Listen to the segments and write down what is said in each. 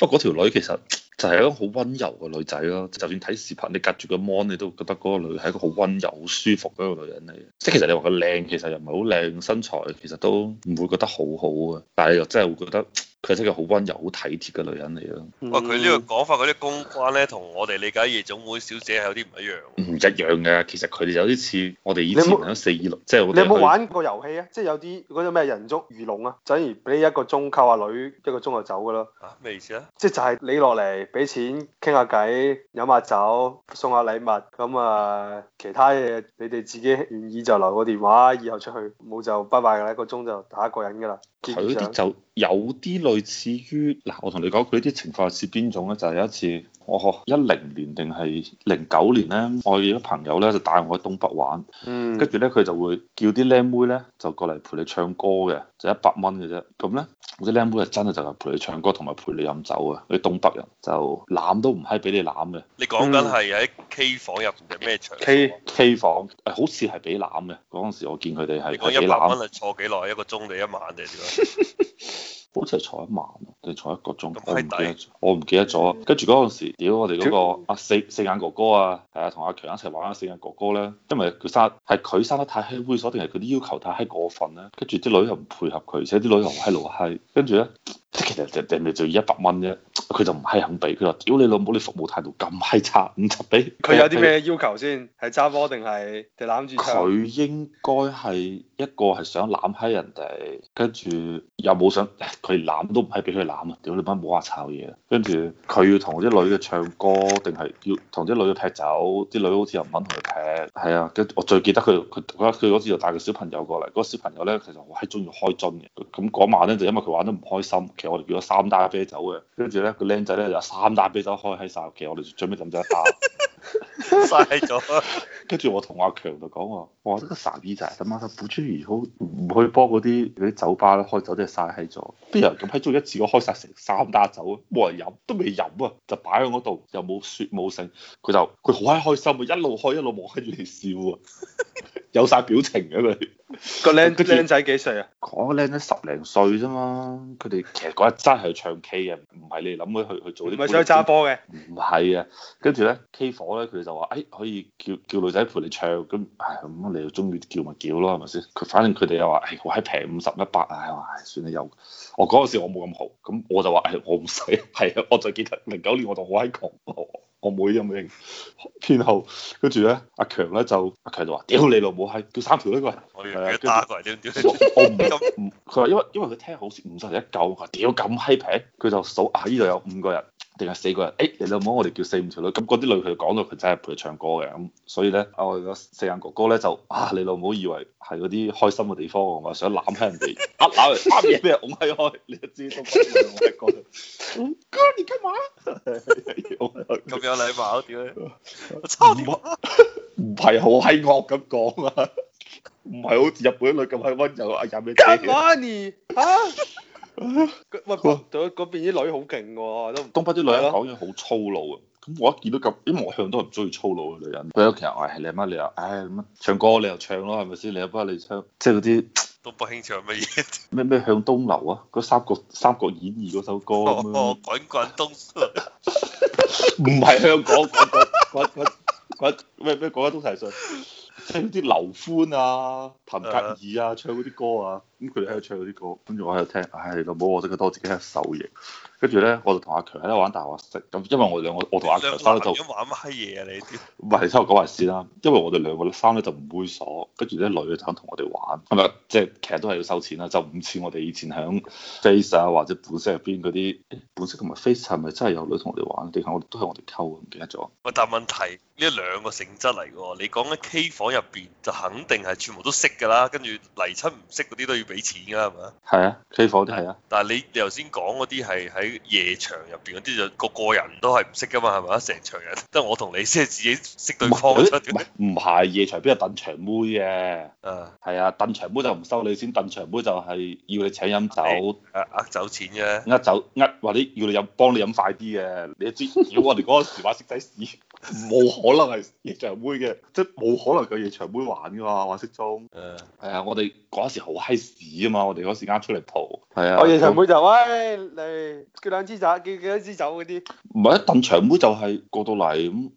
不過嗰條女其實就係一個好温柔嘅女仔咯，就算睇視頻你隔住個 mon 你都覺得嗰個女係一個好温柔、好舒服嗰個女人嚟嘅。即係其實你話佢靚，其實又唔係好靚，身材其實都唔會覺得好好嘅，但係你又真係會覺得。佢真係好温柔、好體貼嘅女人嚟咯。佢呢、嗯、個講法，佢啲公關咧，同我哋理解夜總會小姐係有啲唔一樣。唔一樣嘅，其實佢哋有啲似我哋以前嗰四二六，即係你有冇玩過遊戲啊？即係有啲嗰啲咩人捉魚龍啊？就例如俾一個鐘溝下女，一個鐘就走噶啦。咩、啊、意思啊？即係就係你落嚟俾錢，傾下偈，飲下酒，送下禮物，咁啊其他嘢你哋自己願意就留個電話，以後出去冇就拜拜啦，一個鐘就打一個人噶啦。啲就。有啲類似於嗱，我同你講佢啲情況係似邊種咧？就係、是、有一次，我學一零年定係零九年咧，我有啲朋友咧就帶我去東北玩，跟住咧佢就會叫啲靚妹咧就過嚟陪你唱歌嘅，就一百蚊嘅啫。咁咧，啲靚妹係真係就係陪你唱歌同埋陪你飲酒嘅。啲東北人就攬都唔係俾你攬嘅。你講緊係喺 K、嗯、房入邊嘅咩場？K K 房誒，好似係俾攬嘅。嗰陣時我見佢哋係俾攬。你坐幾耐？一個鐘你一晚定點？ 好似係坐一晚定坐一個鐘，我唔記得，我唔記得咗。跟住嗰陣時，屌我哋嗰個阿四四眼哥哥啊，係啊，同阿強一齊玩啊四眼哥哥咧，因為佢生係佢生得太閪猥瑣，定係佢啲要求太閪過分咧？跟住啲女又唔配合佢，而且啲女又閪老閪。跟住咧，其實人哋就要一百蚊啫，佢就唔閪肯俾，佢話屌你老母，你服務態度咁閪差，唔出俾。佢有啲咩要求先？係揸波定係攬住槍？佢應該係。一個係想攬喺人哋，跟住又冇想佢攬都唔係俾佢攬啊！屌你媽冇話炒嘢，跟住佢要同啲女嘅唱歌，定係要同啲女嘅劈酒？啲女好似又唔肯同佢劈，係啊！跟住我最記得佢，佢覺得佢嗰次就帶小、嗰個小朋友過嚟，嗰個小朋友咧其實我係中意開樽嘅。咁、那、嗰、個、晚咧就因為佢玩得唔開心，其實我哋叫咗三打啤酒嘅，跟住咧個靚仔咧就三打啤酒開閪曬。其實我哋最屘就咁就打。嘥咗， 跟住我同阿強就講話，哇！得個傻 B 仔，係，咁啊，富春如果唔去幫嗰啲啲酒吧咧開酒，真係嘥咗。啲人咁閪中一次，我開晒成三打酒，啊，冇人飲，都未飲啊，就擺喺嗰度，又冇雪冇剩，佢就佢好閪開心，啊，一路開一路望跟住嚟笑啊！ 有晒表情嘅佢， 們個僆僆仔幾歲啊？嗰僆仔十零歲啫嘛，佢哋其實嗰日真係唱 K 嘅，唔係你諗佢去去做啲唔係想揸波嘅，唔係啊。跟住咧 K 火咧，佢哋就話誒、哎、可以叫叫女仔陪你唱，咁唉咁你又中意叫咪叫咯，係咪先？佢反正佢哋又話唉好閪平，五十一百啊，話、哎、算啦又。我嗰陣時我冇咁豪，咁我就話誒我唔使，係、哎、啊，我就記得零九年我就好閪窮。我妹有冇認，偏後，跟住咧，阿強咧就，阿強就話：屌你老母閪，ike, 叫三條一個人，我打一個人，屌屌，我唔咁，佢話因為因為佢聽好似五十一嚿，佢屌咁閪平，佢就數，啊呢度有五個人。定係四個人？誒，你老母我哋叫四五條女，咁嗰啲女佢講到佢真係陪佢唱歌嘅，咁所以咧，我四眼哥哥咧就啊，你老母以為係嗰啲開心嘅地方㗎嘛，想攬下人哋，呃啊，媽咪咩？我咪開，你又知？我係講，我哥你做乜啊？咁有禮貌？點咧？我操你！唔係好閪惡咁講啊，唔係好似日本女咁閪溫柔啊，又咩？你啊？唔係嗰邊啲女好勁喎， 東北啲女人講嘢好粗魯啊！咁我一見到咁，因為我向都唔中意粗魯嘅女人。佢又其實係靚乜又唉咁唱歌你又唱咯，係咪先？你又不是你，媽媽你唱，即係嗰啲東北興唱乜嘢？咩咩向東流啊？嗰《三國》《三國演義》嗰首歌咁樣。哦，滾滾東。唔係香港，滾滾滾滾滾咩咩？滾滾東逝水，聽啲、就是、劉歡啊、騰格爾啊唱嗰啲歌啊。咁佢哋喺度唱嗰啲歌，跟住我喺度聽，唉、哎，老母我識得多，自己喺度受刑。跟住咧，我就同阿強喺度玩大話骰。咁因為我哋兩個，我同阿強三咧就玩乜嘢啊！你啲唔係，先我講埋先啦。因為我哋兩個咧，三咧就唔猥瑣，跟住啲女就肯同我哋玩。係咪？即係其實都係要收錢啦。就唔似我哋以前喺 Face 啊或者本色入邊嗰啲本色同埋 Face 係咪真係有女同我哋玩？定係我都係我哋溝啊？唔記得咗。喂，但問題呢兩個性質嚟㗎喎。你講喺 K 房入邊就肯定係全部都識㗎啦。跟住嚟親唔識嗰啲都要。俾錢噶係嘛？係啊，推貨都係啊。但係你你頭先講嗰啲係喺夜場入邊嗰啲，就個個人都係唔識噶嘛，係咪？成場人得我同你先係自己識對方，唔係夜場邊有揼場妹嘅？嗯，係啊，揼場、啊、妹就唔收你先，揼場妹就係要你請飲酒，呃呃、啊、酒錢啫。呃酒，呃或者要你飲，幫你飲快啲嘅。你知如果我哋嗰時話識仔屎。 冇 可能係夜場妹嘅，即係冇可能個夜場妹玩㗎嘛、啊，話識裝。誒。係啊，我哋嗰時好閪屎啊嘛，我哋嗰時間出嚟蒲。係啊。我夜場妹就那喂嚟叫兩支酒，叫幾多支酒嗰啲。唔係一鄧長妹就係、是、過到嚟咁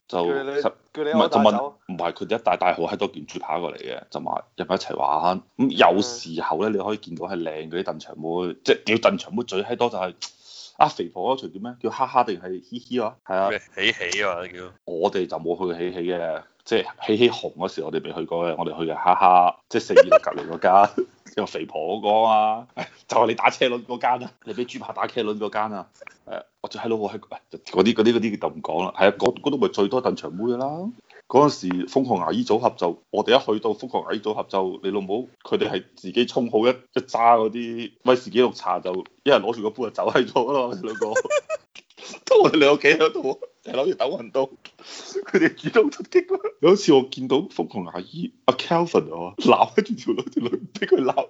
就。佢你唔係就問？唔係佢哋一大大號閪多件豬扒過嚟嘅，就埋入埋一齊玩。咁有時候咧，uh, 你可以見到係靚嗰啲鄧長妹，即係叫鄧長妹嘴，嘴，閪多就係、是。阿、啊、肥婆嗰場叫咩？叫哈哈定係嘻嘻啊？係啊，喜喜啊！叫我哋就冇去喜喜嘅，即係喜喜紅嗰時我，我哋未去過嘅。我哋去嘅哈哈，即係四二六隔籬嗰間，因為 肥婆嗰個啊，哎、就係你打車輪嗰間啊，你俾豬扒打車輪嗰間啊，誒，我最閪佬，我喺嗰啲嗰啲嗰啲就唔講啦。係啊，嗰度咪最多鄧長妹啦。嗰陣時瘋狂牙醫組合，就我哋一去到瘋狂牙醫組合，就你老母，佢哋係自己衝好，一一揸嗰啲威士忌綠茶，就一人攞住個杯就走喺咗咯，我哋兩個， 都我哋兩個企喺度，成日攞住抖雲都，佢哋主動突擊咯。有一次我見到瘋狂牙醫阿 Kelvin 啊，攬住條女，條女唔俾佢攬，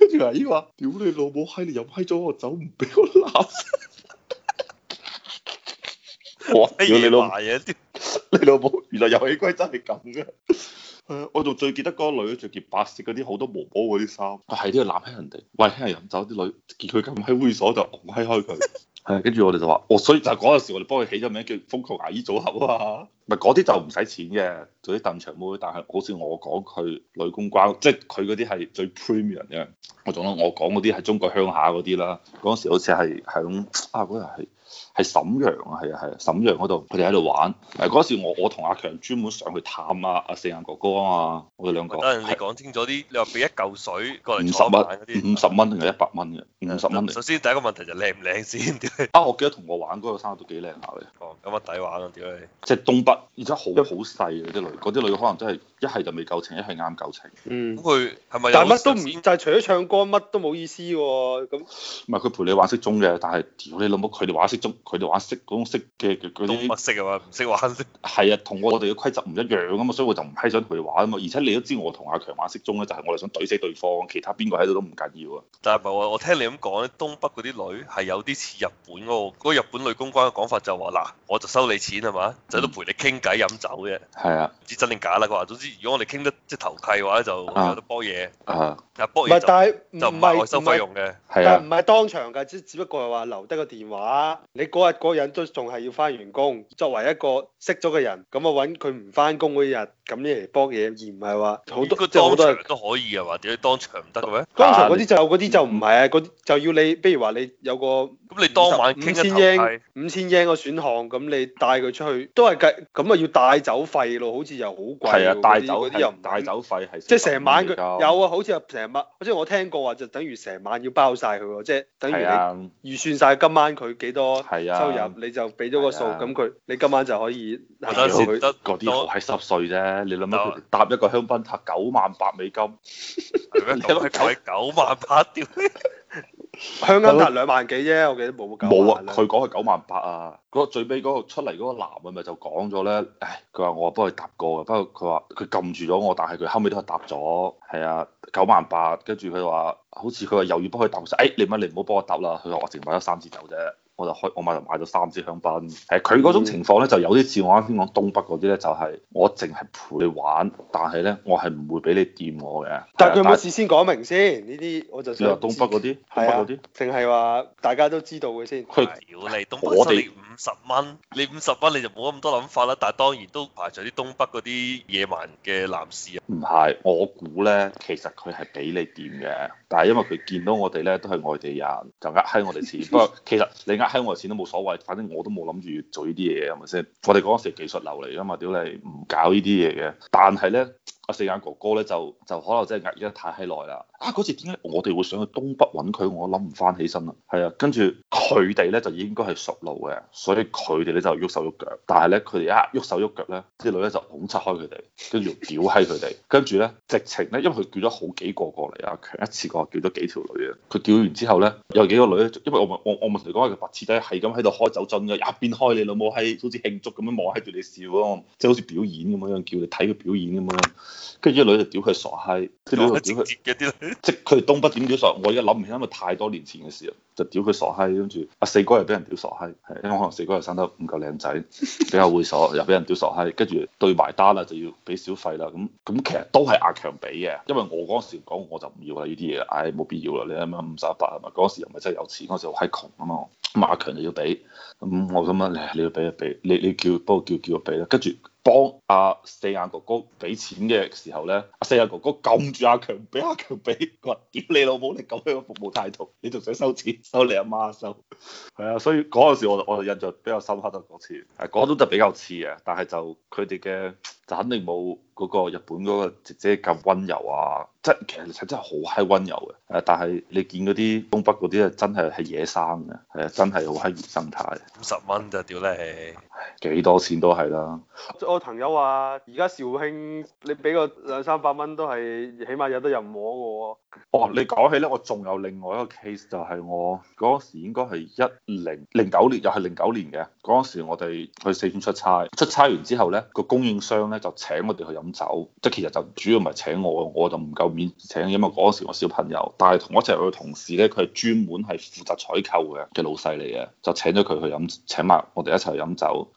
跟住阿姨話：屌你老母閪，你又閪咗我走唔俾我攬。你老，你老母，啊、原來遊戲規則係咁嘅。 我仲最記得嗰個女着件白色嗰啲好多毛毛嗰啲衫，係都要攬起人哋，喂，聽人飲酒啲女見佢咁喺會所就戇閪開佢。係， 跟住我哋就話，我所以就嗰陣時我哋幫佢起咗名叫瘋狂牙醫組合啊。唔係嗰啲就唔使錢嘅，做啲鄧長妹，但係好似我講佢女公關，即係佢嗰啲係最 premium 嘅。我仲諗我講嗰啲係中國鄉下嗰啲啦，嗰陣時好似係響啊嗰日係。係沈陽啊，係啊係啊，沈陽嗰度佢哋喺度玩。誒，嗰時我我同阿強專門上去探啊，阿四眼哥哥,哥啊嘛，我哋兩個。但係的你講清楚啲，你話俾一嚿水過嚟玩嗰啲，五十蚊定係一百蚊嘅？五十蚊。首先第一個問題就靚唔靚先？美美 啊，我記得同我玩嗰個生都幾靚下嘅。哦，有乜抵玩啊？屌即係東北，而且好好細啊！啲女， 嗰啲女可能真、就、係、是、一係就未夠情，一係啱夠情。咁佢係咪？但係乜都唔，就係、是、除咗唱歌乜都冇意思喎、啊。咁。唔係佢陪你玩骰盅嘅，但係屌你老母，佢哋玩骰盅。佢哋玩色嗰種嘅嘅嗰種乜色啊嘛，唔識玩色。係啊，同我哋嘅規則唔一樣咁嘛。所以我就唔係想同佢哋玩啊嘛。而且你都知我同阿強玩色盅咧，就係我哋想懟死對方，其他邊個喺度都唔緊要啊。但係我我聽你咁講咧，東北嗰啲女係有啲似日本嗰、嗰個，嗰個、日本女公關嘅講法就話嗱，我就收你錢係嘛，就都陪你傾偈飲酒嘅，係啊，唔知真定假啦。佢話總之如果我哋傾得即係投契嘅話，就有得波嘢。啊，就波嘢就唔係我收費用嘅。係啊，唔係當場㗎，只只不過係話留低個電話你。嗰日嗰人都仲係要返完工，作為一個識咗嘅人，咁我揾佢唔返工嗰日。咁嚟幫嘢，而唔係話好多好多人都可以啊？話點解當場唔得嘅？當場嗰啲就啲就唔係啊！嗰啲就要你，比如話你有個咁你當晚五千英五千英個選項，咁你帶佢出去都係計咁啊，要帶走費咯，好似又好貴。係啊，帶走啲又唔帶走費係即係成晚佢有啊，好似成晚，好似我聽過話就等於成晚要包晒佢喎，即係等於你預算晒今晚佢幾多收入，你就俾咗個數，咁佢你今晚就可以攬得嗰啲係濕碎啫。你諗下搭一個香檳塔九萬八美金，點解九係九萬八屌？香檳塔兩萬幾啫，我記得冇冇九萬。 冇啊，佢講係九萬八啊。嗰個最尾嗰個出嚟嗰個男啊咪就講咗咧，唉，佢話我幫佢搭過嘅，不過佢話佢撳住咗我，但係佢後尾都係搭咗。係啊，九萬八，跟住佢話好似佢話又要幫佢搭，誒、哎、你乜你唔好幫我搭啦，佢話我淨買咗三支酒啫。我就開我咪就買咗三支香檳，誒佢嗰種情況咧就有啲似我啱先講東北嗰啲咧，就係、是、我淨係陪你玩，但係咧我係唔會俾你掂我嘅。但係佢有冇事先講明先？呢啲我就知道你話東北嗰啲係啊，啲？淨係話大家都知道嘅先。佢屌你東北，我哋五十蚊，你五十蚊你就冇咁多諗法啦。但係當然都排除啲東北嗰啲野蠻嘅男士啊。唔係，我估咧其實佢係俾你掂嘅，但係因為佢見到我哋咧都係外地人，就呃喺我哋錢。不過其實你喺我嘅錢都冇所謂，反正我都冇諗住做呢啲嘢，係咪先？我哋嗰陣時技術流嚟噶嘛，屌你唔搞呢啲嘢嘅。但係咧。阿四眼哥哥咧就就可能真係壓抑得太起耐啦！啊嗰次點解我哋會想去東北揾佢？我諗唔翻起身啊！係啊，跟住佢哋咧就應該係熟路嘅，所以佢哋咧就喐手喐腳。但係咧佢哋一喐手喐腳咧，啲女咧就捅拆開佢哋，跟住屌閪佢哋。跟住咧直情咧，因為佢叫咗好幾個，個過嚟啊佢，一次過叫咗幾條女啊！佢叫完之後咧，有幾個女咧，因為我咪我我同你講，佢白痴仔係咁喺度開酒樽嘅，一、啊、邊開你老母閪，好似慶祝咁樣望喺住你笑咯，即係好似表演咁樣叫你睇佢表演咁樣。跟住啲女就屌佢傻閪，啲女屌佢，即佢哋東北點屌傻，我而家諗唔起，因為太多年前嘅事就屌佢傻閪，跟住阿四哥又俾人屌傻閪，因為可能四哥又生得唔夠靚仔，比較猥瑣，又俾人屌傻閪。跟住對埋單啦，就要俾小費啦。咁咁其實都係阿強俾嘅，因為我嗰時講我就唔要啦呢啲嘢，唉冇、哎、必要啦。你咁樣五十八百嘛，咪？嗰時又唔係真係有錢，嗰時好閪窮啊嘛。咁阿強就要俾，咁、嗯、我咁樣你你要俾就俾，你你叫不過叫叫我俾啦，跟住。幫阿四眼哥哥俾錢嘅時候咧，阿四眼哥哥撳住阿強，俾阿強俾，佢話屌 你老母，你咁樣服務態度，你仲想收錢？收你阿媽收？係 啊，所以嗰陣時我我印象比較深刻就嗰次，誒嗰種就比較似啊，啊，但係就佢哋嘅就肯定冇嗰個日本嗰個姐姐咁温柔啊，即係其實真係好嗨温柔嘅，誒但係你見嗰啲東北嗰啲啊，真係係野生嘅，係啊真係好嗨原生態，五十蚊就屌你！幾多錢都係啦。我朋友話：而家肇慶，你俾個兩三百蚊都係，起碼有得任摸嘅喎。哦，你講起咧，我仲有另外一個 case，就係我嗰陣時應該係一零零九年，又係零九年嘅嗰陣時，我哋去四川出差，出差完之後咧，個供應商咧就請我哋去飲酒，即係其實就主要唔係請我，我就唔夠面請，因為嗰陣時我小朋友。但係同我一齊去嘅同事咧，佢係專門係負責採購嘅嘅老細嚟嘅，就請咗佢去飲，請埋我哋一齊去飲酒。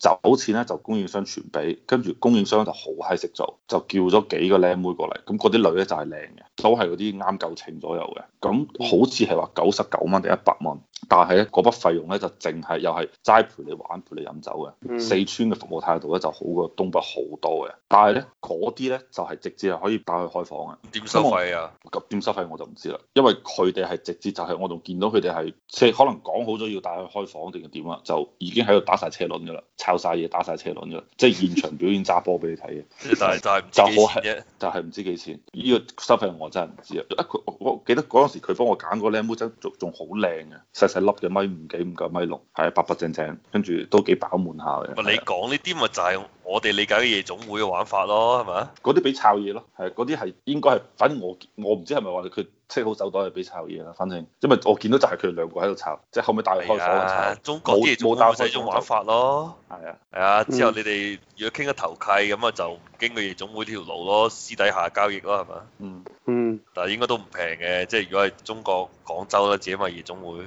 就好似咧就供應商傳俾，跟住供應商就好閪識做，就叫咗幾個靚妹過嚟，咁嗰啲女咧就係靚嘅，都係嗰啲啱夠稱左右嘅，咁好似係話九十九蚊定一百蚊，但係咧嗰筆費用咧就淨係又係齋陪你玩陪你飲酒嘅，嗯、四川嘅服務態度咧就好過東北好多嘅，但係咧嗰啲咧就係、是、直接係可以帶去開房嘅，點收費啊？點收費我就唔知啦，因為佢哋係直接就係我仲見到佢哋係即係可能講好咗要帶去開房定係點啊，就已經喺度打晒車輪噶啦。爆晒嘢，打晒車輪咗，即係現場表演揸波俾你睇嘅。但係 但係唔知就係就係唔知幾錢。呢個收費我真係唔知啊！一我記得嗰陣時佢幫我揀個靚妹仔，仲仲好靚啊，細細粒嘅，米五幾唔夠米六，係白白淨淨，跟住都幾飽滿下嘅。咪你講呢啲咪就係？我哋理解嘅夜總會嘅玩法咯，係咪啊？嗰啲俾炒嘢咯，係嗰啲係應該係，反正我我唔知係咪話佢車好手袋係俾炒嘢啦。反正，因為我見到就係佢哋兩個喺度炒，即係後尾帶開火炒、啊。中國嘅夜總會有沒種玩法咯。係啊，係啊。嗯、之後你哋如果傾得頭契咁啊，就唔經過夜總會條路咯，私底下交易咯，係咪嗯嗯。吧嗯，但係應該都唔平嘅，即係如果係中國廣州啦，自己買夜總會。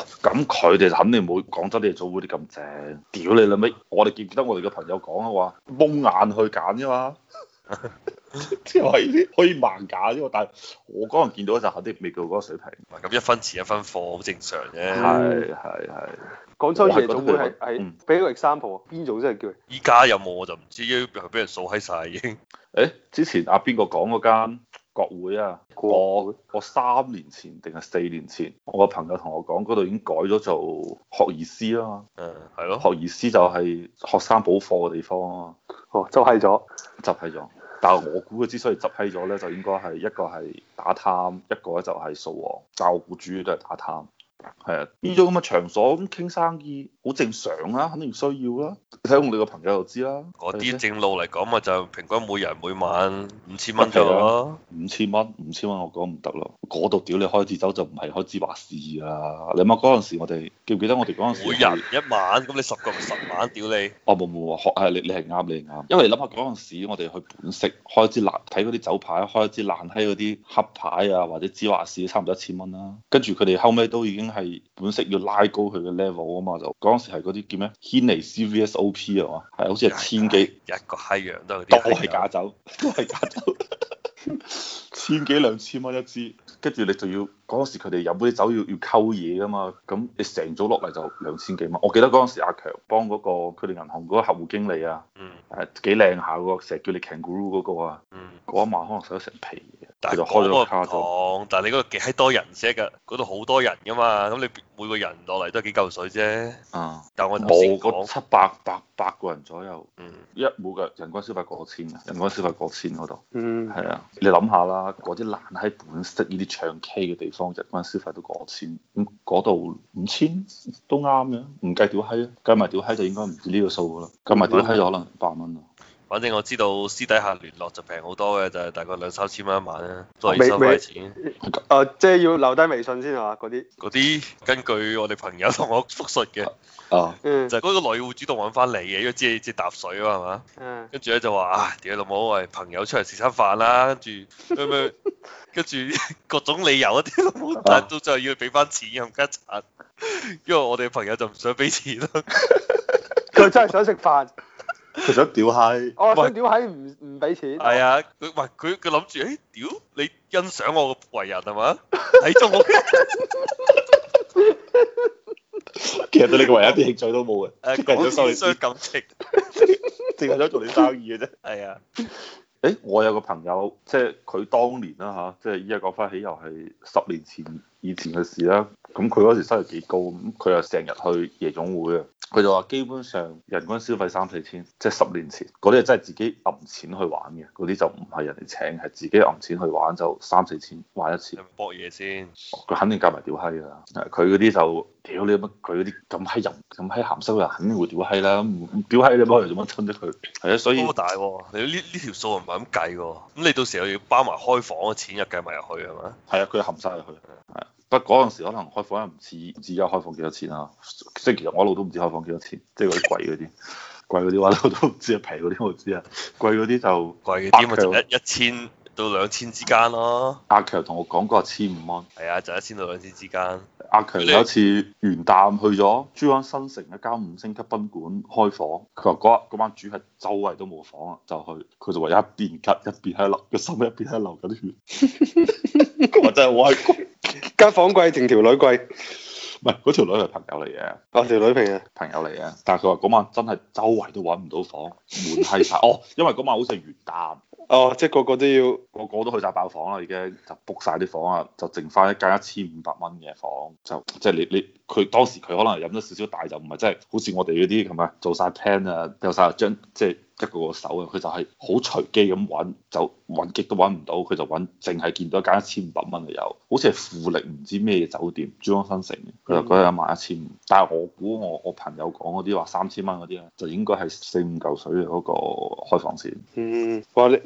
咁佢哋肯定冇廣州夜總會啲咁正。屌你老味，我哋記唔記得我哋嘅朋友講啊，話蒙眼去揀啫嘛，即係話呢啲可以盲揀啲喎。但係我嗰陣見到就肯定未到嗰個水平。咁一分錢一分貨，好正常啫。係係係。嗯、廣州夜總會係喺俾個 example，邊種真係叫？依家有冇我就唔知，因為俾人掃喺晒已經。誒、 欸，之前阿邊個講嗰間？國會啊，國會我我三年前定係四年前，我個朋友同我講，嗰度已經改咗做學而思啦嘛，嗯，係咯，學而思就係學生補課嘅地方咯，哦，執閪咗，執閪咗，但係我估佢之所以執閪咗咧，就應該係一個係打貪，一個咧就係掃黃，我估主要都係打貪。係啊，呢種咁嘅場所咁傾生意好正常啦、啊，肯定需要啦、啊。睇我哋個朋友就知啦、啊。啲、啊、正路嚟講咪就平均每人每晚五千蚊啫嘛，五千蚊五千蚊我講唔得咯。嗰度屌你開支酒就唔係開芝華士啊！你諗下嗰陣時我哋記唔記得我哋嗰陣時每人一晚咁你十個十晚屌你？哦冇冇學誒你你係啱你啱，因為諗下嗰陣時我哋去本色開支爛睇嗰啲酒牌，開支爛閪嗰啲黑牌啊或者芝華士差唔多一千蚊啦，跟住佢哋後尾都已經。係本色要拉高佢嘅 level 啊嘛，就嗰陣時係嗰啲叫咩？軒尼詩 VSOP 啊嘛，係好似係千幾解解一個閪樣都係假酒， 都係假酒， 千幾兩千蚊一支，跟住你就要嗰陣時佢哋飲嗰啲酒要要溝嘢噶嘛，咁你成組落嚟就兩千幾蚊。我記得嗰陣時阿強幫嗰、嗰個佢哋銀行嗰個客戶經理啊，誒幾靚下個，成日叫你 Canguro 嗰個啊，嗰一晚可能洗咗成皮。但就開咗個卡堂，但係你嗰度幾閪多人啫㗎？嗰度好多人噶嘛？咁你每個人落嚟都幾嚿水啫。啊、嗯！但係我冇講七百百百個人左右，嗯，一戶嘅人均消費過千嘅，人均消費過千嗰度，嗯，係啊，你諗下啦，嗰啲爛喺本色呢啲唱 K 嘅地方人均消費都過千，咁嗰度五千都啱嘅，唔計屌閪啊，計埋屌閪就應該唔止呢個數㗎啦，計埋屌閪就可能八蚊啊。反正我知道私底下聯絡就平好多嘅，就係、是、大概兩三千蚊一晚啦，都係收快錢。呃、即係要留低微信先嚇嗰啲。嗰啲根據我哋朋友同我復述嘅。哦。嗯、就係嗰個女會主動揾翻你嘅，因為知知搭水嘛、嗯哎、啊嘛。嗯。跟住咧就話啊，屌老母，我係朋友出嚟食餐飯啦。跟住，跟住各種理由一啲都冇， 但係都就係要俾翻錢咁拮柒。因為我哋朋友就唔想俾錢。佢 真係想食飯。 佢想屌閪、哦，我想屌閪唔唔俾錢。係啊，佢喂佢佢諗住，誒屌、哎、你欣賞我嘅為人係嘛？睇中我，哈哈 其實對你嘅為人一啲興趣都冇嘅。誒，為咗收你感情， 只為想做，做你生意嘅啫 的。係啊。誒，我有個朋友，即係佢當年啦吓，即係依家講翻起又係十年前以前嘅事啦。咁佢嗰時收入幾高，咁佢又成日去夜總會啊。佢就話基本上人均消費三四千，即係十年前嗰啲係真係自己揞錢去玩嘅，嗰啲就唔係人哋請，係自己揞錢去玩就三四千玩一次。搏嘢先，佢肯定夾埋屌閪㗎。係佢嗰啲就屌你乜？佢嗰啲咁閪淫、咁閪鹹濕嘅人，肯定會屌閪啦。屌閪你乜嚟做乜親得佢？係啊，所以好大你呢呢條數唔係咁計喎。咁你到時候又要包埋開房嘅錢入計埋入去係嘛？係啊，佢含晒入去係嗰陣時可能開房又唔似，唔知而家開房幾多錢啊？即係其實我一路都唔知開房幾多錢，即係嗰啲貴嗰啲， 貴嗰啲話都都唔知啊，皮嗰啲我知啊，貴嗰啲就貴啲咪就一千到兩千之間咯。阿、啊、強同我講過千五蚊。係啊，就一千到兩千之間。阿、啊、強有一你次元旦去咗珠江新城一間五星級賓館開房，佢話嗰日嗰晚主客周圍都冇房啊，就去佢就話一邊咳一邊喺度流，個心一邊喺度流緊血，我真係我骨。間房貴定條女貴？唔係，嗰條女係朋友嚟嘅。哦、啊，條女嚟嘅，朋友嚟嘅。啊、但係佢話，嗰晚真係周圍都揾唔到房， 滿係晒哦，因為嗰晚好似係元旦。哦，oh, 即係個個都要，個個都去晒爆房啦，已經就 book 晒啲房啊，就淨翻一間一千五百蚊嘅房，就即係你你佢當時佢可能飲得少少大就，就唔係即係好似我哋嗰啲咁啊，做晒 plan 啊，有晒張即係一個個手啊，佢就係好隨機咁揾，就揾極都揾唔到，佢就揾淨係見到一間一千五百蚊嘅有，好似係富力唔知咩酒店珠江新城佢就嗰日一萬一千五，1, 嗯、但係我估我我朋友講嗰啲話三千蚊嗰啲咧，就應該係四五嚿水嗰個開房錢。嗯，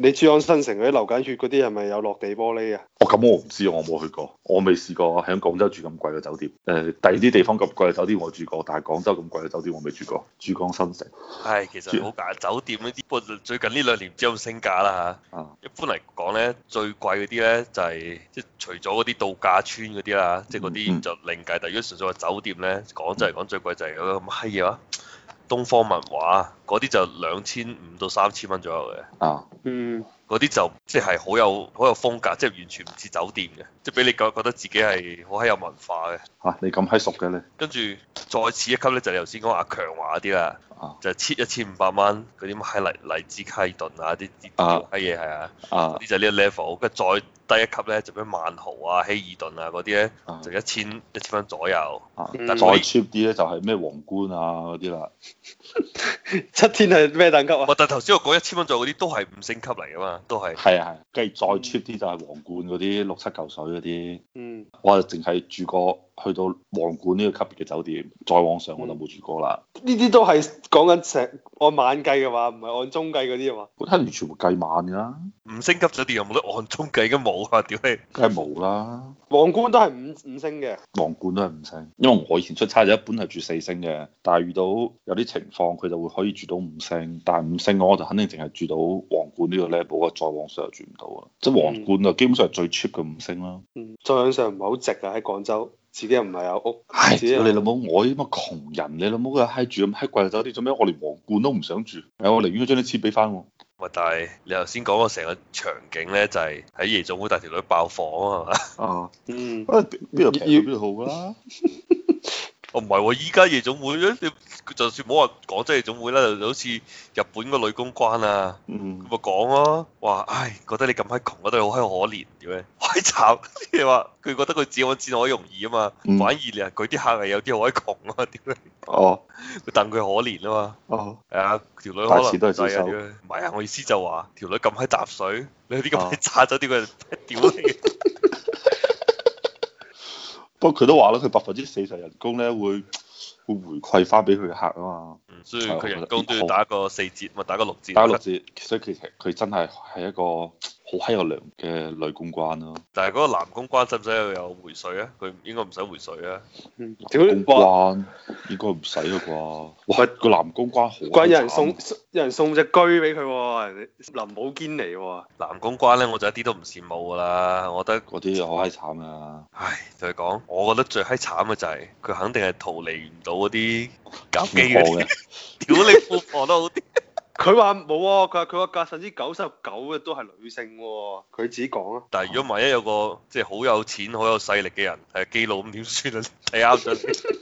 喺珠江新城嗰啲樓緊住嗰啲係咪有落地玻璃啊？哦、我咁我唔知，我冇去過，我未試過喺廣州住咁貴嘅酒店。誒、呃，第二啲地方咁貴嘅酒店我住過，但係廣州咁貴嘅酒店我未住過。珠江新城係其實好假，酒店呢啲，最近呢兩年唔知有冇升價啦嚇。啊！一般嚟講咧，最貴嗰啲咧就係即係除咗嗰啲度假村嗰啲啦，即係嗰啲就另計。第係如果純粹話酒店咧，廣州嚟講最貴就係嗰個乜閪嘢啊！東方文化嗰啲就兩千五到三千蚊左右嘅。啊，嗯。嗰啲就即係好有好有風格，即係完全唔似酒店嘅，即係俾你覺覺得自己係好閪有文化嘅嚇、啊。你咁閪熟嘅你。跟住再次一級咧，就你頭先講阿強話嗰啲啦，就切一千五百蚊嗰啲閪麗麗思卡爾頓啊啲啲嘢係啊，嗰啲就呢個 level。跟住再低一級咧，就咩萬豪啊、希爾頓啊嗰啲咧，就一千一千蚊左右。但再 cheap 啲咧，就係咩皇冠啊嗰啲啦。七天係咩等級啊？我但係頭先我講一千蚊左右嗰啲都係五星級嚟㗎嘛。都係係啊係啊，跟住再出啲就係皇冠嗰啲、嗯、六七嚿水嗰啲，嗯，我淨係住過。去到皇冠呢個級別嘅酒店，再往上我就冇住過啦。呢啲、嗯、都係講緊成按晚計嘅話，唔係按鐘計嗰啲啊嘛。嗰啲全部計晚㗎啦、啊。五星級酒店有冇得按鐘計？梗冇啊！屌你，梗係冇啦。皇冠都係五五星嘅。皇冠都係五星。因為我以前出差就一般係住四星嘅，但係遇到有啲情況，佢就會可以住到五星。但係五星我就肯定淨係住到皇冠呢個 level，個再往上就住唔到啊。即係皇冠啊，基本上係最 cheap 嘅五星啦。再往上唔係好值啊，喺廣州。自己又唔係有屋，有你老母我呢咁嘅窮人，你老母又閪住咁閪貴酒店，做咩？我，我連皇冠都唔想住，係我寧願將啲錢俾翻我。喂，但係你頭先講嘅成個場景咧，就係喺夜總會帶條女爆火啊嘛、啊。哦， 嗯，邊度平就邊度好啦、啊。 哦，唔係喎，依家夜總會咧，你就算冇話廣州夜總會啦，就好似日本個女公關啊，佢咪講咯，話唉、哦哎、覺得你咁閪窮，都 覺得好閪可憐點咧，閪慘，你話佢覺得佢自我自我容易啊嘛，反而你話佢啲客係有啲好閪窮啊，點咧？哦，佢等佢可憐啊嘛。哦，係啊，條女可能都係點咧？唔係啊，我意思就話條女咁閪雜水，你啲咁閪炸咗啲佢，屌你？ 不過佢都話啦，佢百分之四十人工咧會會回饋翻俾佢嘅客啊嘛。嗯，所以佢人工都要打個四折，咪好打個六折。打六折，所以其實佢真係係一個。好閪有良嘅女公關咯，啊，但係嗰個男公關使唔使有回水啊？佢應該唔使回水啊？男公關應該唔使嘅啩，我哇！個男公關好，居然有人送，送，有人送隻龜俾佢，林寶堅嚟喎。男公關咧我就一啲都唔羨慕噶啦，我覺得嗰啲好閪慘啊。唉，同你講，我覺得最閪慘嘅就係、是、佢肯定係逃離唔到嗰啲搞基嘅。屌 你富婆都好啲。佢話冇，佢話佢話百分之九十九嘅都係女性喎，佢自己講啊，但係如果萬一有個即係好有錢、好有勢力嘅人，係基佬咁點算咧？係啊，真係。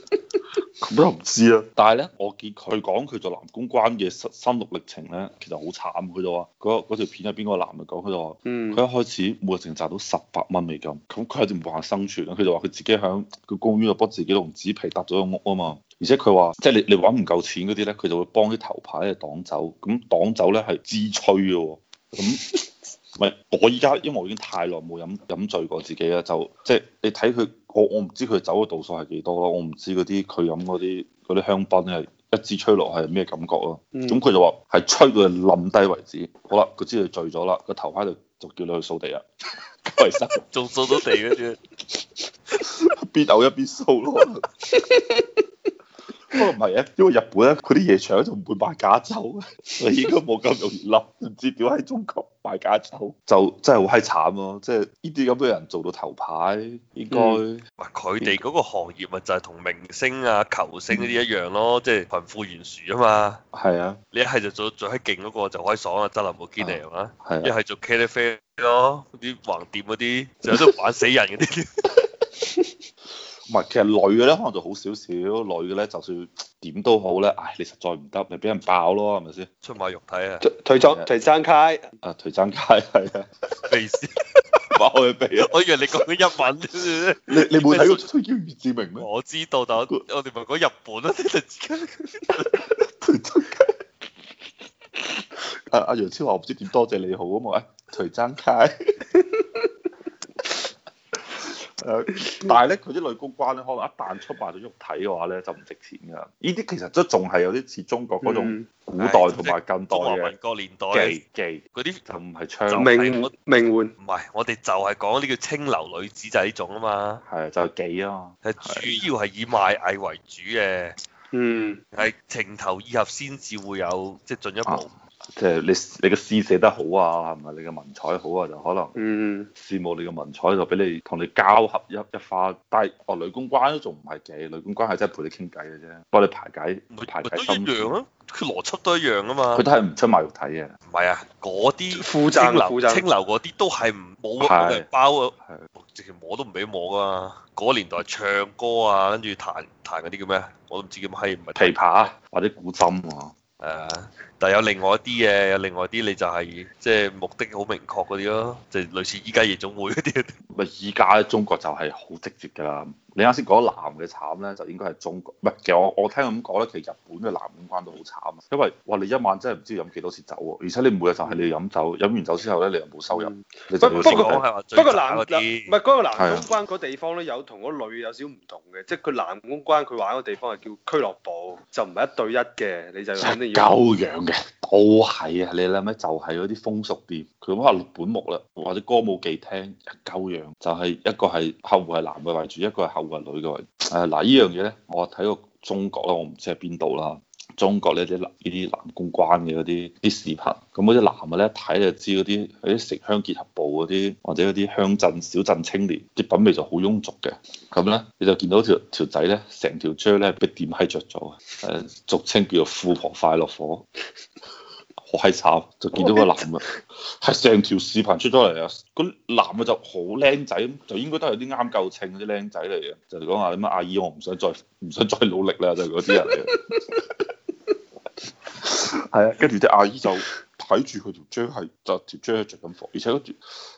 咁都唔知啊！但係咧，我見佢講佢做男公關嘅心路歷程咧，其實好慘。佢就話嗰嗰條片係邊個男嘅講，佢就話，嗯，佢一開始每成賺到十八蚊美金，咁佢係點冇辦法生存啊？佢就話佢自己響個公園度幫自己用紙皮搭咗個屋啊嘛。而且佢話，即係你你搵唔夠錢嗰啲咧，佢就會幫啲頭牌嚟擋走。咁擋走咧係支吹嘅。咁咪 我依家因為我已經太耐冇飲飲醉過自己啦，就即係你睇佢。我我唔知佢走嘅度數係幾多咯，我唔知啲佢飲嗰啲啲香檳係一支吹落係咩感覺咯。咁佢、嗯、就話係吹到佢冧低為止。好啦，佢知道醉咗啦，個頭喺度就叫你去掃地啦。衛生仲掃到地嘅啫， 邊抖一邊掃咯。 不過唔係啊，因為日本咧佢啲夜場就唔會賣假酒，所 以應該冇咁容易笠。唔知點喺中國賣假酒，就真係好閪慘咯！即係呢啲咁多人做到頭牌，應該、嗯，佢哋嗰個行業咪就係同明星啊、球星呢啲一樣咯，即係貧富懸殊啊嘛。係啊，你一係就做最閪勁嗰個就閪爽啊，真林寶堅尼嚟嘛。係啊，啊一係做茄喱啡咯，啲橫店嗰啲，就有都玩死人嗰啲。唔係，其實女嘅咧可能就好少少，女嘅咧就算點都好咧，唉，你實在唔得咪俾人爆咯，係咪先？出賣肉體啊！退咗 ıkt？腿踭楷？啊！腿踭楷？係啊！未、啊、笑，爆佢鼻！我以為你講緊日文。你你冇睇過《推焦易志明》咩？Modo，我知道，但我哋咪係講日本啊！阿阿 真梨 啊啊、楊超華唔知點多謝你好啊冇啊，腿踭楷。 誒， 但係咧，佢啲女公關咧，可能一旦出賣咗肉體嘅話咧，就唔值錢噶。呢啲其實都仲係有啲似中國嗰種古代同埋近代嘅中華民國年代嘅妓妓，嗰啲就唔係唱，命換換，唔係名我哋換就係講呢叫清流女子就係呢種啊嘛，係就係妓啊，係主要係以賣藝為主嘅，的的嗯，係情投意合先至會有即係進一步。啊即係你你嘅詩寫得好啊，係咪？你嘅文采好啊，就可能羨慕你嘅文采就俾你同你交合一一化。但係哦，女公關都仲唔係幾，女公關係真係陪你傾偈嘅啫，幫你排解排解心事。一樣咯，佢邏輯都一樣啊嘛。佢都係唔出賣肉體嘅。唔係啊，嗰啲清流清流嗰啲都係唔冇乜包啊，直情摸都唔俾摸啊，嗰年代唱歌啊，跟住彈彈嗰啲叫咩啊？我都唔知叫咩，唔係琵琶啊，或者古箏啊。誒，uh, 但係有另外一啲嘅，有另外一啲你就係即係目的好明確嗰啲咯，即係類似依家夜總會嗰啲。咪依家中國就係好直接噶啦。你啱先講男嘅慘咧，就應該係中國，唔係其實我我聽佢咁講咧，其實日本嘅男公關都好慘啊，因為哇你一晚真係唔知飲幾多次酒喎，而且你每日就係你要飲酒，飲完酒之後咧你又冇收入，嗯、你唔不，過不過男不、那個、男唔係嗰男公關嗰地方咧，有同嗰女有少唔同嘅，即係佢男公關佢玩嘅地方係叫俱樂部，就唔係一對一嘅，你就肯定要。狗養嘅，都係啊！你諗下就係嗰啲風俗店，佢乜六本木啦或者歌舞伎町，狗養就係一個係客戶係男嘅為主，一個係客戶。個女嘅，誒，嗱、啊，樣，呢樣嘢咧，我睇過中國啦，我唔知喺邊度啦。中國呢啲男，依啲男公關嘅嗰啲啲視頻，咁嗰啲男嘅咧一睇就知，嗰啲嗰啲城鄉結合部嗰啲，或者嗰啲鄉鎮小鎮青年，啲品味就好庸俗嘅。咁咧，你就見到條條仔咧，成條腰咧被點喺着咗，誒，俗稱叫做富婆快樂火。 好係慘，就見到個男嘅，係成 條視頻出咗嚟啊！嗰、那個、男嘅就好靚仔咁，就應該都係啲啱夠稱啲靚仔嚟嘅，就嚟講話啲乜阿姨，我唔想再唔想再努力啦，就係嗰啲人嚟嘅。係 啊，跟住啲阿姨就睇住佢條脹係，就條脹係著緊褲，而且跟住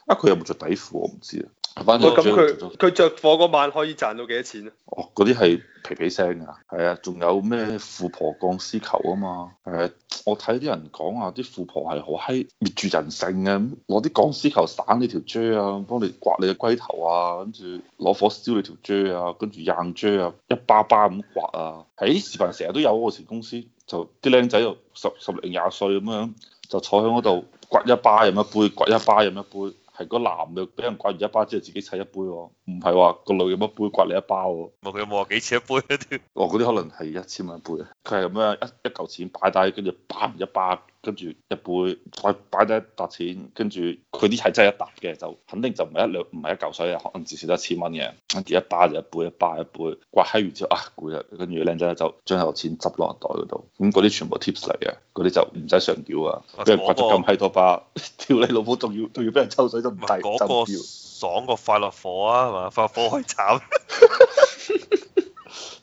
啊，佢有冇着底褲我唔知啊。咁佢佢着火嗰晚可以賺到幾多錢咧？哦，嗰啲係皮皮聲啊，係啊，仲有咩富婆鋼絲球啊嘛？誒，我睇啲人講啊，啲富婆係好閪滅住人性啊，攞啲鋼絲球散你條頸啊，幫你刮你嘅龜頭啊，跟住攞火燒你條頸啊，跟住硬頸啊，一巴巴咁刮啊，喺視頻成日都有嗰時公司，就啲靚仔又十十零廿歲咁樣，就坐喺嗰度刮一巴巴飲一杯，刮一巴巴飲一杯。係個男嘅俾人刮完一包之後，就係，自己砌一杯，啊，唔係話個女嘅一杯刮你一包喎，啊。問佢有冇話幾錢一杯嗰啲。哦，啲可能係一千蚊一杯。佢係咁樣一一嚿錢擺低，跟住嘣一包。跟住一杯，再擺低一沓錢，跟住佢啲係真係一沓嘅，就肯定就唔係一兩，唔係一嚿水啊，可能至少一千蚊嘅，跟住一巴就一杯，一巴一杯，刮閪完之後啊，攰喇，跟住靚仔就將佢錢執落袋嗰度，咁嗰啲全部 tips 嚟嘅，嗰啲就唔使上繳啊，跟住刮咗咁閪多巴，屌你老母仲要，仲要俾人抽水都唔低，嗰個爽過快樂火啊嘛，快樂火係慘，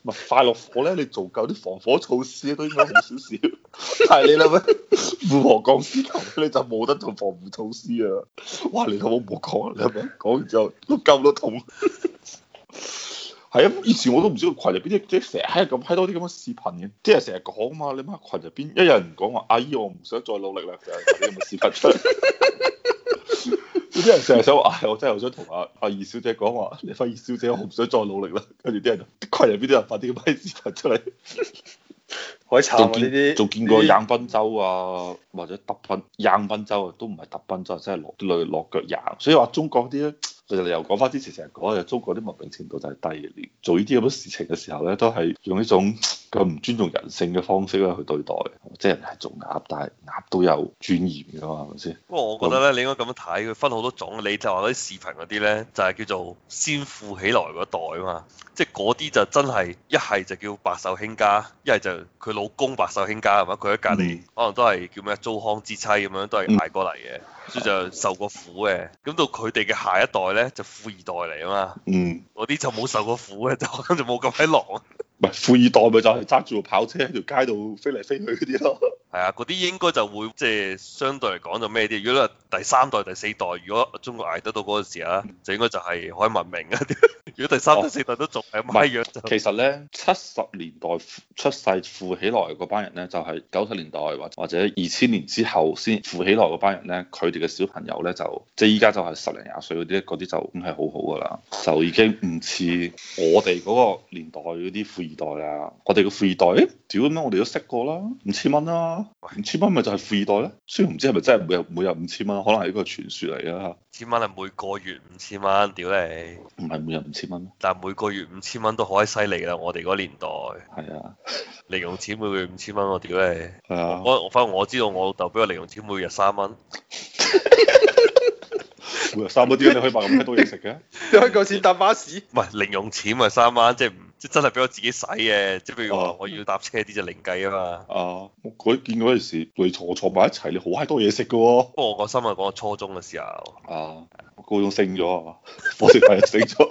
咪快樂火咧，你做夠啲防火措施都應該好少少，係你諗咩？互相講私教，你就冇得做防護措施啊！哇，你可唔可唔講？你係咪講完之後都夠多痛？係啊，以前我都唔知道群入邊啲，即係成日喺度咁批多啲咁嘅視頻嘅，即係成日講嘛。你媽群入邊一有人講話，阿姨，我唔想再努力啦，成日啲咁嘅視頻出嚟。 有啲人成日想話，我真係好想同阿阿二小姐講話，你發現小姐，我唔想再努力啦。跟住啲人群入邊啲人發啲咁嘅視頻出嚟。 好慘啊！呢啲仲見過仰奔州啊，或者特奔仰奔州啊，都唔係特奔州，即係落啲女落腳仰。所以話中國啲咧，其實你又講翻之前成日講嘅，中國啲文明程度就係低嘅。做呢啲咁嘅事情嘅時候咧，都係用呢種咁唔尊重人性嘅方式咧去對待即係做鴨，但係鴨都有尊嚴嘅嘛，係咪先？不過我覺得咧，你應該咁樣睇，佢分好多種。你就話嗰啲視頻嗰啲咧，就係、是、叫做先富起來嗰代啊嘛。即係嗰啲就真係一係就叫白手興家，一係就佢老公白手興家係嘛？佢喺隔籬可能都係叫咩糟糠之妻咁樣都係捱過嚟嘅，mm. 所以就受過苦嘅。咁到佢哋嘅下一代咧，就富二代嚟啊嘛。嗯，嗰啲就冇受過苦嘅，就根本就冇咁閪狼，狼。唔係富二代咪就係揸住個跑車喺條街度飛嚟飛去嗰啲咯，係啊，嗰啲應該就會即係、就是、相對嚟講就咩啲，如果係第三代第四代，如果中國挨得到嗰陣時啊，就應該就係可以文明一啲。如果第三代、哦、代、四代都仲係咁樣，就其實咧，七十年代出世富起來嗰班人咧，就係九十年代或或者二千年之後先富起來嗰班人咧，佢哋嘅小朋友咧就即係依家就係十零廿歲嗰啲，嗰啲就已經係好好噶啦，就已經唔似我哋嗰個年代嗰啲富二代啊。我哋嘅富二代，屌咁樣，我哋都識過啦，五千蚊啦，五千蚊咪就係富二代咧。雖然唔知係咪真係每日每日五千蚊，可能係一個傳説嚟啊。五千蚊係每個月五千蚊，屌你，唔係每日五千。但每個月五千蚊都好閪犀利啦！我哋嗰年代係啊，零用錢每個月五千蚊，我屌你係啊！我反正我知道，我老豆俾我零用錢每日三蚊， 每日三蚊點你可以買咁多嘢食嘅？ 你可以夠錢搭巴士？唔係零用錢咪三蚊，即係即真係俾我自己使嘅，即譬如話我要搭車啲就零計啊嘛。啊！我佢見嗰陣時坐坐埋一齊，你，你好閪多嘢食嘅。不過、啊、我個心係講我初中嘅時候啊，我高中升咗，伙食費又升咗。